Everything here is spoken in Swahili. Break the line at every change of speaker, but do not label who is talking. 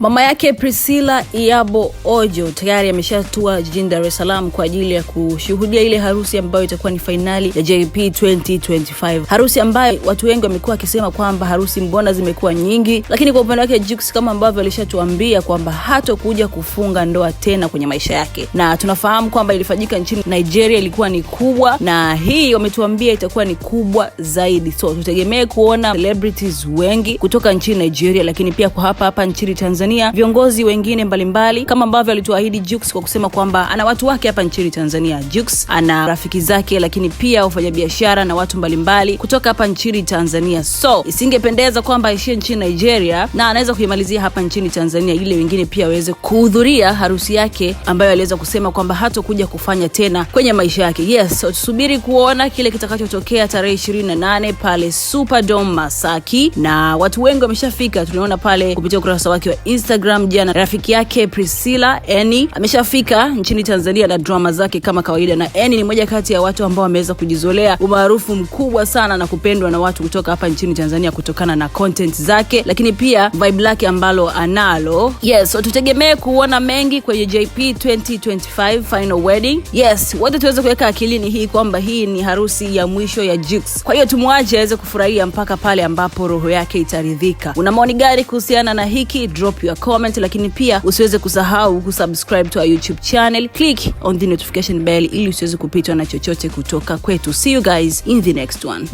Mama yake Priscilla Iyabo Ojo tayari ameshatua jijini Dar es Salaam kwa ajili ya kushuhudia ile harusi ambayo itakuwa ni fainali ya JP 2025, harusi ambayo watu wengi wamekuwa wakisema kwamba harusi mbona zimekuwa nyingi, lakini kwa upande wake Jux kama ambavyo alishatuambia kwamba hatokuja kufunga ndoa tena kwenye maisha yake, na tunafahamu kwamba ilifanyika nchini Nigeria, ilikuwa ni kubwa, na hii wametuambia itakuwa ni kubwa zaidi, so tutegemee kuona celebrities wengi kutoka nchini Nigeria, lakini pia kwa hapa hapa nchini Tanzania, viongozi wengine mbalimbali kama ambavyo alituahidi Jux kwa kusema kwamba ana watu wake hapa nchini Tanzania. Jux ana rafiki zake, lakini pia wafanyabiashara na watu mbalimbali mbali kutoka hapa nchini Tanzania, so isingependeza kwamba aishie nchini Nigeria na anaweza kuimalizia hapa nchini Tanzania ili wengine pia waweze kuhudhuria harusi yake ambayo aliweza kusema kwamba hatokuja kufanya tena kwenye maisha yake. Yes, so tusubiri kuona kile kitakachotokea tarehe 28 pale Superdome Masaki, na watu wengi wameshafika, tunaona pale kupitia ukurasa wake wa Instagram jana, rafiki yake Priscilla Eni ameshafika nchini Tanzania na drama zake kama kawaida, na Eni ni moja kati ya watu ambao wameweza kujizolea umaarufu mkubwa sana na kupendwa na watu kutoka hapa nchini Tanzania kutokana na content zake, lakini pia vibe lake ambalo analo. Yes, so tutegemee kuona mengi kwenye JP 2025 final wedding. Yes, wote tuweze kuweka akilini hii kwamba hii ni harusi ya mwisho ya Jux. Kwa hiyo tumwache aweze kufurahia mpaka pale ambapo roho yake itaridhika. Una maoni gari kuhusiana na hiki? drop your comment, lakini pia usiweze kusahau kusubscribe to our YouTube channel, click on the notification bell ili usiweze kupitwa na chochote kutoka kwetu. See you guys in the next one.